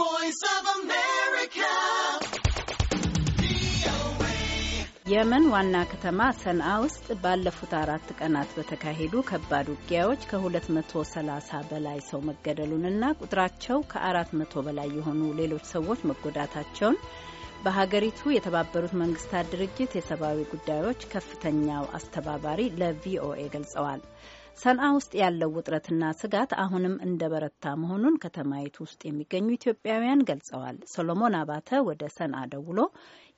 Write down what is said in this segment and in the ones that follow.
voice of America. የመን ዋና ከተማ ሰንአ ውስጥ ባለፉት አራት ቀናት በተካሄዱ ከባድ ውጊያዎች ከ230 በላይ ሰው መገደሉንና ቁጥራቸው ከ400 በላይ የሆኑ ሌሎች ሰዎች መጎዳታቸውን በሀገሪቱ የተባበሩት መንግስታት ድርጅት የሰብአዊ ጉዳዮች ከፍተኛው አስተባባሪ ለቪኦኤ ገልጸዋል። ሰንዓ ውስጥ ያለው ውጥረትና ስጋት አሁንም እንደበረታ መሆኑን ከተማይቱ ውስጥ የሚገኙ ኢትዮጵያውያን ገልጸዋል። ሰሎሞን አባተ ወደ ሰንአ ደውሎ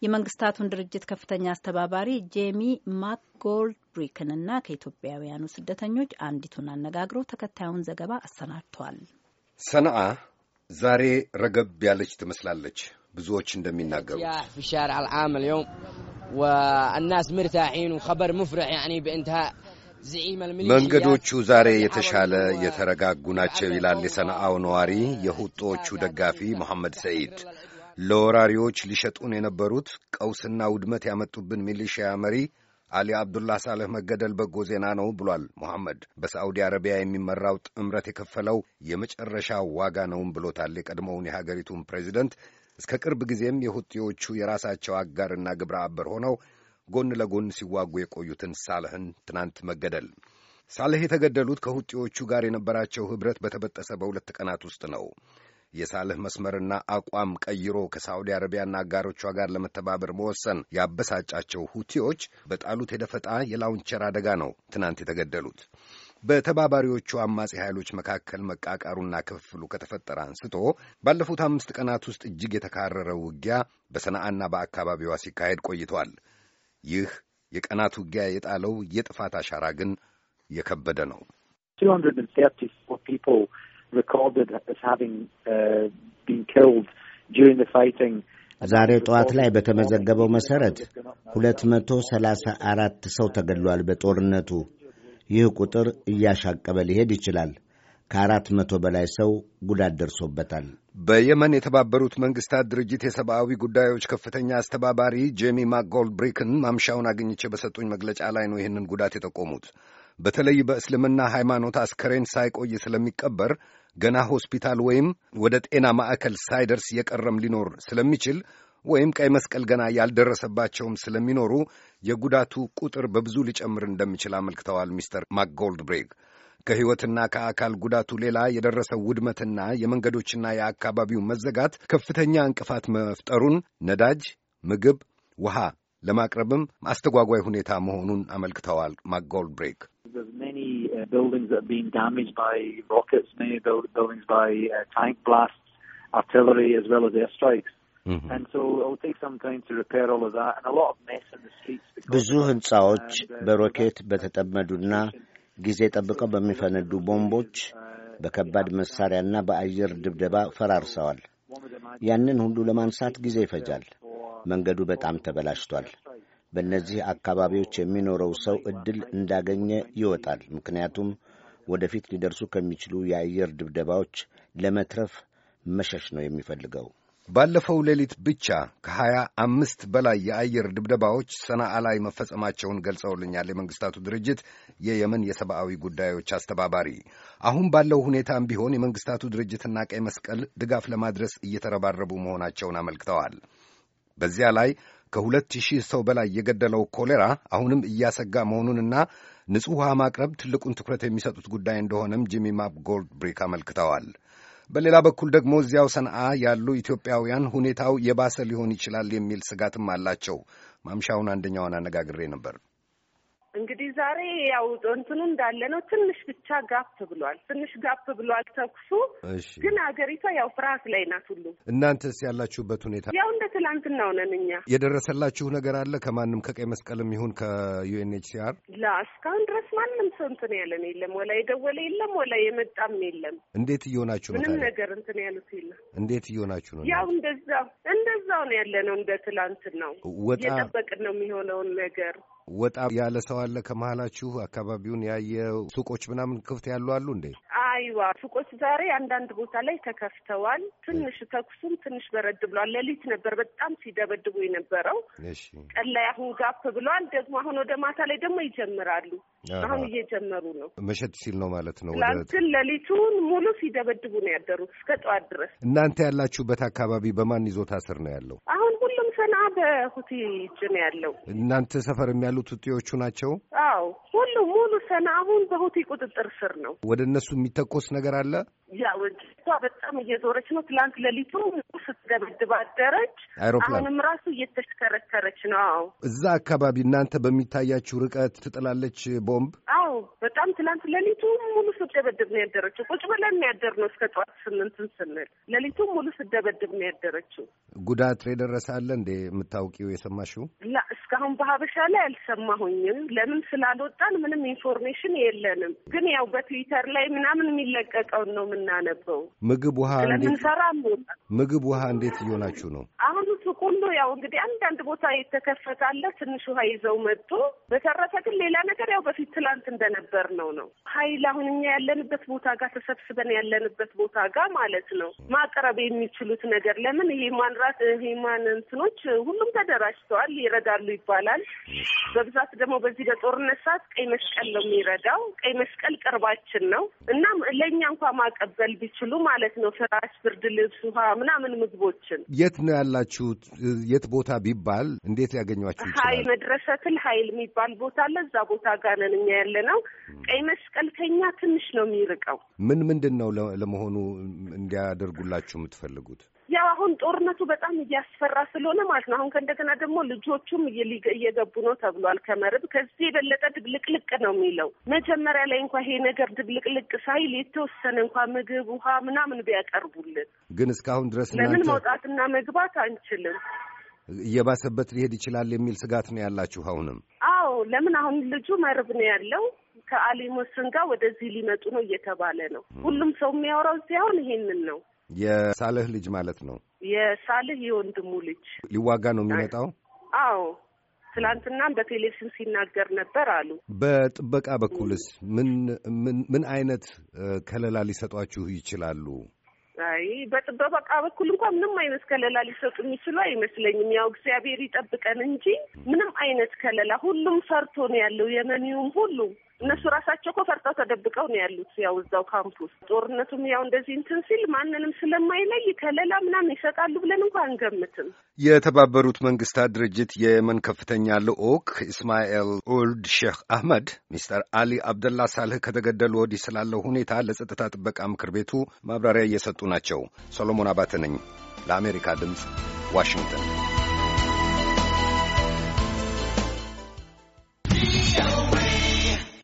የመንግስታቱን ድርጅት ከፍተኛ አስተባባሪ ጄሚ ማክጎልድሪክንና ከኢትዮጵያውያኑ ስደተኞች አንዲቱን አነጋግሮ ተከታዩን ዘገባ አሰናድቷል። ሰንአ ዛሬ ረገብ ያለች ትመስላለች። ብዙዎች እንደሚናገሩት في الشارع العام اليوم والناس مرتاحين መንገዶቹ ዛሬ የተሻለ የተረጋጉ ናቸው ይላል የሰነአው ነዋሪ የሁጦዎቹ ደጋፊ መሐመድ ሰዒድ። ለወራሪዎች ሊሸጡን የነበሩት ቀውስና ውድመት ያመጡብን ሚሊሺያ መሪ አሊ አብዱላህ ሳልህ መገደል በጎ ዜና ነው ብሏል መሐመድ። በሳዑዲ አረቢያ የሚመራው ጥምረት የከፈለው የመጨረሻ ዋጋ ነውም ብሎታል የቀድሞውን የሀገሪቱን ፕሬዚደንት። እስከ ቅርብ ጊዜም የሁጤዎቹ የራሳቸው አጋርና ግብረ አበር ሆነው ጎን ለጎን ሲዋጉ የቆዩትን ሳልህን ትናንት መገደል። ሳልህ የተገደሉት ከሁጤዎቹ ጋር የነበራቸው ኅብረት በተበጠሰ በሁለት ቀናት ውስጥ ነው። የሳልህ መስመርና አቋም ቀይሮ ከሳዑዲ አረቢያና አጋሮቿ ጋር ለመተባበር መወሰን ያበሳጫቸው ሁቲዎች በጣሉት የደፈጣ የላውንቸር አደጋ ነው ትናንት የተገደሉት። በተባባሪዎቹ አማጺ ኃይሎች መካከል መቃቃሩና ክፍፍሉ ከተፈጠረ አንስቶ ባለፉት አምስት ቀናት ውስጥ እጅግ የተካረረ ውጊያ በሰነአና በአካባቢዋ ሲካሄድ ቆይቷል። ይህ የቀናት ውጊያ የጣለው የጥፋት አሻራ ግን የከበደ ነው። uh, ዛሬ ጠዋት ላይ በተመዘገበው መሠረት ሁለት መቶ ሰላሳ አራት ሰው ተገድሏል በጦርነቱ። ይህ ቁጥር እያሻቀበ ሊሄድ ይችላል። ከአራት መቶ በላይ ሰው ጉዳት ደርሶበታል። በየመን የተባበሩት መንግስታት ድርጅት የሰብአዊ ጉዳዮች ከፍተኛ አስተባባሪ ጄሚ ማክጎልድብሪክን ማምሻውን አግኝቼ በሰጡኝ መግለጫ ላይ ነው ይህንን ጉዳት የጠቆሙት። በተለይ በእስልምና ሃይማኖት አስከሬን ሳይቆይ ስለሚቀበር ገና ሆስፒታል ወይም ወደ ጤና ማዕከል ሳይደርስ የቀረም ሊኖር ስለሚችል ወይም ቀይ መስቀል ገና ያልደረሰባቸውም ስለሚኖሩ የጉዳቱ ቁጥር በብዙ ሊጨምር እንደሚችል አመልክተዋል። ሚስተር ማክጎልድብሪክ ከሕይወትና ከአካል ጉዳቱ ሌላ የደረሰው ውድመትና የመንገዶችና የአካባቢው መዘጋት ከፍተኛ እንቅፋት መፍጠሩን፣ ነዳጅ፣ ምግብ፣ ውሃ ለማቅረብም አስተጓጓይ ሁኔታ መሆኑን አመልክተዋል። ማክጎልድብሬክ uh, uh, mm-hmm. ብዙ ሕንፃዎች uh, በሮኬት በተጠመዱና ጊዜ ጠብቀው በሚፈነዱ ቦምቦች፣ በከባድ መሣሪያና በአየር ድብደባ ፈራርሰዋል። ያንን ሁሉ ለማንሳት ጊዜ ይፈጃል። መንገዱ በጣም ተበላሽቷል። በእነዚህ አካባቢዎች የሚኖረው ሰው ዕድል እንዳገኘ ይወጣል። ምክንያቱም ወደፊት ሊደርሱ ከሚችሉ የአየር ድብደባዎች ለመትረፍ መሸሽ ነው የሚፈልገው። ባለፈው ሌሊት ብቻ ከሀያ አምስት በላይ የአየር ድብደባዎች ሰናአ ላይ መፈጸማቸውን ገልጸውልኛል የመንግስታቱ ድርጅት የየመን የሰብአዊ ጉዳዮች አስተባባሪ። አሁን ባለው ሁኔታም ቢሆን የመንግስታቱ ድርጅትና ቀይ መስቀል ድጋፍ ለማድረስ እየተረባረቡ መሆናቸውን አመልክተዋል። በዚያ ላይ ከሁለት ሺህ ሰው በላይ የገደለው ኮሌራ አሁንም እያሰጋ መሆኑንና ንጹሕ ውሃ ማቅረብ ትልቁን ትኩረት የሚሰጡት ጉዳይ እንደሆነም ጂሚ ማፕ ብሪክ አመልክተዋል። በሌላ በኩል ደግሞ እዚያው ሰንዓ ያሉ ኢትዮጵያውያን ሁኔታው የባሰ ሊሆን ይችላል የሚል ስጋትም አላቸው። ማምሻውን አንደኛውን አነጋግሬ ነበር። እንግዲህ ዛሬ ያው እንትኑ እንዳለ ነው። ትንሽ ብቻ ጋፕ ብሏል። ትንሽ ጋፕ ብሏል ተኩሱ። ግን አገሪቷ ያው ፍርሃት ላይ ናት ሁሉ። እናንተስ ያላችሁበት ሁኔታ? ያው እንደ ትላንትናው ነን እኛ። የደረሰላችሁ ነገር አለ ከማንም ከቀይ መስቀልም ይሁን ከዩኤንኤችሲአር? ላ እስካሁን ድረስ ማንም ሰው እንትን ያለን የለም። ወላ የደወለ የለም፣ ወላ የመጣም የለም። እንዴት እየሆናችሁ ነው? ምንም ነገር እንትን ያሉት የለም። እንዴት እየሆናችሁ ነው? ያው እንደዛው እንደዛው ነው ያለ ነው። እንደ ትላንት ነው እየጠበቅን ነው የሚሆነውን ነገር ወጣ ያለ ሰው አለ ከመሀላችሁ? አካባቢውን ያየ ሱቆች ምናምን ክፍት ያሉ አሉ እንዴ? አይዋ ሱቆች ዛሬ አንዳንድ ቦታ ላይ ተከፍተዋል። ትንሽ ተኩሱም ትንሽ በረድ ብሏል። ሌሊት ነበር በጣም ሲደበድቡ የነበረው። ቀን ላይ አሁን ጋፕ ብሏል። ደግሞ አሁን ወደ ማታ ላይ ደግሞ ይጀምራሉ። አሁን እየጀመሩ ነው። መሸት ሲል ነው ማለት ነው። ትላንትን ሌሊቱን ሙሉ ሲደበድቡ ነው ያደሩት እስከ ጠዋት ድረስ። እናንተ ያላችሁበት አካባቢ በማን ይዞታ ስር ነው ያለው አሁን? ሰና በሁቲ እጅ ነው ያለው። እናንተ ሰፈርም ያሉት ሁቲዎቹ ናቸው? አዎ ሁሉ ሙሉ ሰና አሁን በሁቲ ቁጥጥር ስር ነው። ወደ እነሱ የሚተኮስ ነገር አለ። ያው እሷ በጣም እየዞረች ነው። ትላንት ሌሊቱ ስትደበድብ አደረች። አይሮፕላን አሁንም ራሱ እየተሽከረከረች ነው። አዎ፣ እዛ አካባቢ እናንተ በሚታያችው ርቀት ትጥላለች ቦምብ። አዎ በጣም ትላንት ሌሊቱ ሙሉ ስትደበድብ ነው ያደረችው። ቁጭ ብለን ነው ያደርነው እስከ ጠዋት ስምንትን ስንል ሌሊቱ ሙሉ ስትደበድብ ነው ያደረችው። ጉዳት የደረሰ አለ እንዴ? የምታውቂው የሰማሽው? እስካሁን በሀበሻ ላይ አልሰማሁኝም። ለምን ስላልወጣን ምንም ኢንፎርሜሽን የለንም። ግን ያው በትዊተር ላይ ምናምን የሚለቀቀውን ነው የምናነበው። ምግብ ውሃ ስለምንሰራ ምግብ ውሃ እንዴት እየሆናችሁ ነው? አሁኑ ሁሉ ያው እንግዲህ አንዳንድ ቦታ የተከፈታለ ትንሽ ውሃ ይዘው መጡ። በተረፈ ግን ሌላ ነገር ያው በፊት ትላንት እንደነበር ነው ነው ሀይል አሁን እኛ ያለንበት ቦታ ጋር ተሰብስበን ያለንበት ቦታ ጋር ማለት ነው ማቅረብ የሚችሉት ነገር ለምን ይሄ ማንራት ይሄ ማን እንትኖች ሁሉም ተደራጅተዋል ይረዳሉ ይባላል። በብዛት ደግሞ በዚህ በጦርነት ሰዓት ቀይ መስቀል ነው የሚረዳው። ቀይ መስቀል ቅርባችን ነው እናም ለእኛ እንኳ ማቀበል ቢችሉ ማለት ነው ፍራሽ፣ ብርድ ልብስ፣ ውሃ ምናምን ምግቦችን። የት ነው ያላችሁት? የት ቦታ ቢባል እንዴት ሊያገኟችሁ ይችላል? መድረሰትል ሀይል የሚባል ቦታ አለ። እዛ ቦታ ጋር ነን እኛ ያለ ነው። ቀይ መስቀል ከኛ ትንሽ ነው የሚርቀው። ምን ምንድን ነው ለመሆኑ እንዲያደርጉላችሁ የምትፈልጉት? ያው አሁን ጦርነቱ በጣም እያስፈራ ስለሆነ ማለት ነው። አሁን ከእንደገና ደግሞ ልጆቹም እየገቡ ነው ተብሏል። ከመርብ ከዚህ የበለጠ ድብልቅልቅ ነው የሚለው መጀመሪያ ላይ እንኳ ይሄ ነገር ድብልቅልቅ ሳይል የተወሰነ እንኳ ምግብ፣ ውሃ ምናምን ቢያቀርቡልን ግን እስካሁን ድረስ ለምን መውጣትና መግባት አንችልም። እየባሰበት ሊሄድ ይችላል የሚል ስጋት ነው ያላችሁ አሁንም? አዎ ለምን አሁን ልጁ መርብ ነው ያለው ከአሊ ጋር ወደዚህ ሊመጡ ነው እየተባለ ነው። ሁሉም ሰው የሚያወራው እዚህ አሁን ይሄንን ነው። የሳልህ ልጅ ማለት ነው። የሳልህ የወንድሙ ልጅ ሊዋጋ ነው የሚመጣው። አዎ ትላንትናም በቴሌቪዥን ሲናገር ነበር አሉ። በጥበቃ በኩልስ ምን ምን አይነት ከለላ ሊሰጧችሁ ይችላሉ? አይ በጥበቃ በኩል እንኳን ምንም አይነት ከለላ ሊሰጡ የሚችሉ አይመስለኝም። ያው እግዚአብሔር ይጠብቀን እንጂ ምንም አይነት ከለላ ሁሉም ፈርቶ ነው ያለው የመኒውም ሁሉም እነሱ ራሳቸው ኮፈርጠው ተደብቀው ነው ያሉት። ያው እዛው ካምፕ ውስጥ ጦርነቱም ያው እንደዚህ እንትን ሲል ማንንም ስለማይለይ ከለላ ምናምን ይሰጣሉ ብለን እንኳ አንገምትም። የተባበሩት መንግስታት ድርጅት የየመን ከፍተኛ ልዑክ ኢስማኤል ኡልድ ሼክ አህመድ ሚስተር አሊ አብደላ ሳልህ ከተገደሉ ወዲህ ስላለው ሁኔታ ለጸጥታ ጥበቃ ምክር ቤቱ ማብራሪያ እየሰጡ ናቸው። ሰሎሞን አባተ ነኝ ለአሜሪካ ድምፅ ዋሽንግተን